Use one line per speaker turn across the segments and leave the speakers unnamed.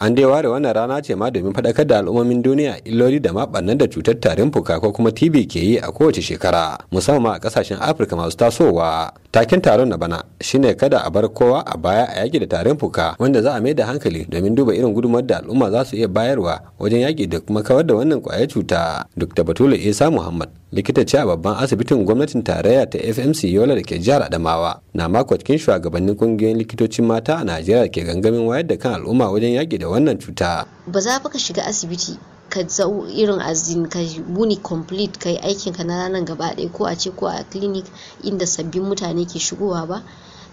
an dai ware wannan rana ce ma domin faɗakar da al'ummomin duniya illoli da maɓannan da cutar tarin fuka ko kuma tb ke yi a kowace shekara musamman a ƙasashen afirka masu tasowa takin taron na bana shine kada a bar kowa a baya a yaki da tarin fuka wanda za a mai da hankali domin duba irin gudumar da al'umma za su iya bayarwa wajen yaki da kuma kawar da wannan kwayar cuta dr batulu isa muhammad likita ce a babban asibitin gwamnatin tarayya ta fmc yola da ke jihar adamawa na mako cikin shugabannin kungiyoyin likitocin mata a najeriya ke gangamin wayar da kan al'umma wajen yaki da wannan cuta
ba za ka shiga asibiti ka zau irin azin ka wuni complete kai aikin ka na ranar gaba ɗaya ko a ce ko a clinic inda sabbin mutane ke shigowa ba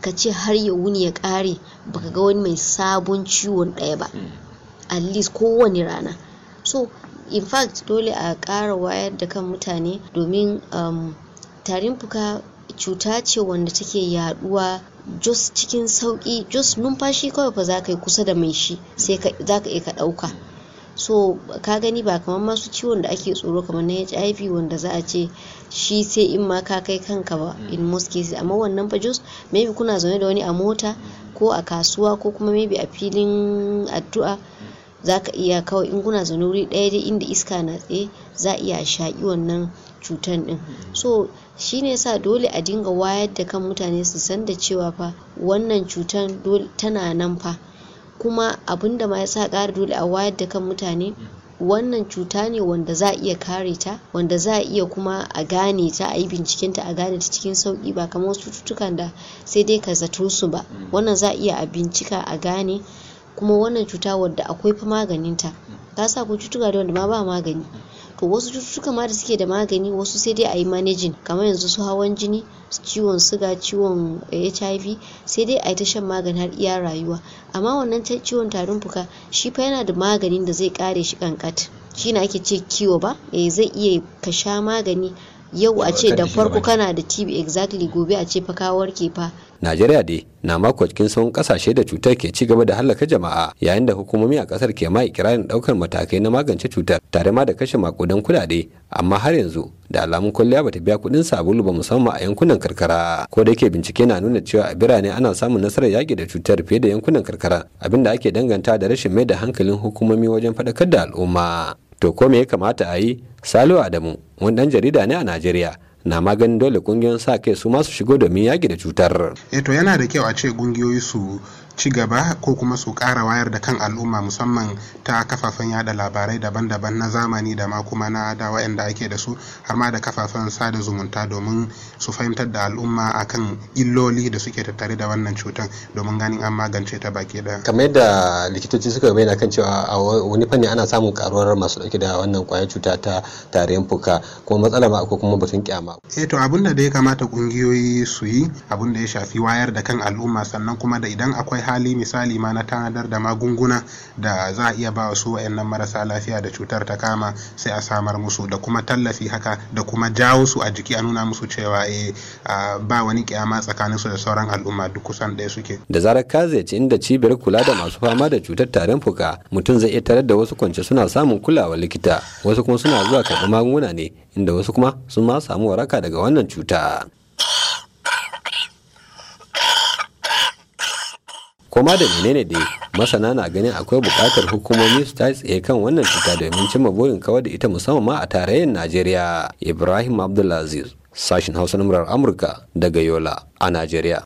ka ce har ya wuni ya ƙare baka ga wani mai sabon ciwon ɗaya ba hmm. at least kowane rana so in fact dole a ƙara wayar da kan mutane domin um, tarin fuka cuta ce wanda take yaduwa jos cikin sauki Jos numfashi kawai fa za ka yi kusa da mai shi sai za ka iya ka ɗauka so ka gani ba kamar masu ciwon da ake tsoro kamar na hiv wanda za a ce shi sai in ma ka kai kanka ba hmm. in most cases amma wannan fa just maybe kuna zaune da wani a mota ko a kasuwa ko kuma maybe a filin addu'a hmm. za ka iya kawai in kuna zaune wuri ɗaya dai inda iska na tsaye za a iya shaƙi wannan cutan din hmm. so shi ne sa dole a dinga wayar da kan mutane su san da cewa fa wannan cutan tana nan fa kuma abinda da ma ya sa ƙara dole a wayar da kan mutane wannan cuta ne wanda za a iya kare ta wanda za a iya kuma a gane ta a yi bincikenta a gane ta cikin sauki ba kamar wasu cututtukan da sai dai ka zato su ba mm. wannan za a iya a bincika a gane kuma wannan cuta wadda akwai fa maganinta ta sa ku cututtuka da wanda ma ba magani to wasu cututtuka ma da suke da magani wasu sai dai a yi manejin kamar yanzu su hawan jini ciwon suga ciwon hiv eh, sai dai a yi ta shan magani har iya rayuwa amma wannan ciwon tarin fuka shi fa yana da maganin da zai kare shi kankat ne ake ce kiwo ba e zai iya kasha magani yau a ce da farko kana da tb exactly gobe a ce fa ka warke fa
najeriya dai na mako cikin sauran kasashe da cutar ke ci gaba da hallaka jama'a yayin da hukumomi a kasar ke mai ikirarin daukar matakai na magance cutar tare ma da kashe makudan kudade amma har yanzu da alamun kwalliya bata biya kudin sabulu ba musamman a yankunan karkara ko da yake bincike na nuna cewa a birane ana samun nasarar yaki da cutar fiye da yankunan karkara abinda ake danganta da rashin mai da hankalin hukumomi wajen faɗakar da al'umma to ko me ya kamata a yi salihu adamu wani dan jarida ne a najeriya na maganin dole kungiyoyin sa kai su masu shigo domin yaki da cutar.
e to yana da kyau a ce kungiyoyi su ci gaba ko kuma su kara wayar da kan al'umma musamman ta kafafen yada labarai daban-daban na zamani da ma kuma na da wayanda ake da su har ma da kafafen sada zumunta domin su fahimtar da al'umma akan illoli da suke tattare da wannan cutar domin ganin an magance ta baki da.
kamar yadda likitoci suka bayyana kan cewa a wani fanni ana samun karuwar masu dauke da wannan kwayar cuta ta tarin fuka kuma matsala ma ko kuma batun kyama
eh to abinda da ya kamata kungiyoyi su yi abun da ya shafi wayar da kan al'umma sannan kuma da idan akwai hali misali ma na tanadar da magunguna da za a iya ba su wayannan marasa lafiya da cutar ta kama sai a samar musu da kuma tallafi haka da kuma jawo su a jiki a nuna musu cewa eh, a ba wani kiyama tsakanin su da sauran al'umma duk kusan ɗaya suke
da zarar ka ziyarci inda cibiyar kula da masu fama da cutar tarin fuka mutum zai iya tarar da wasu kwance suna samun kulawa likita wasu kuma suna zuwa karɓar magunguna ne inda wasu kuma sun ma samu waraka daga wannan cuta koma da menene da masana na ganin akwai bukatar hukumomi su ta tsaye kan wannan cuta domin cimma burin kawar da ita musamman ma a tarayyar najeriya ibrahim abdulaziz sashen hausa na murar amurka daga yola a najeriya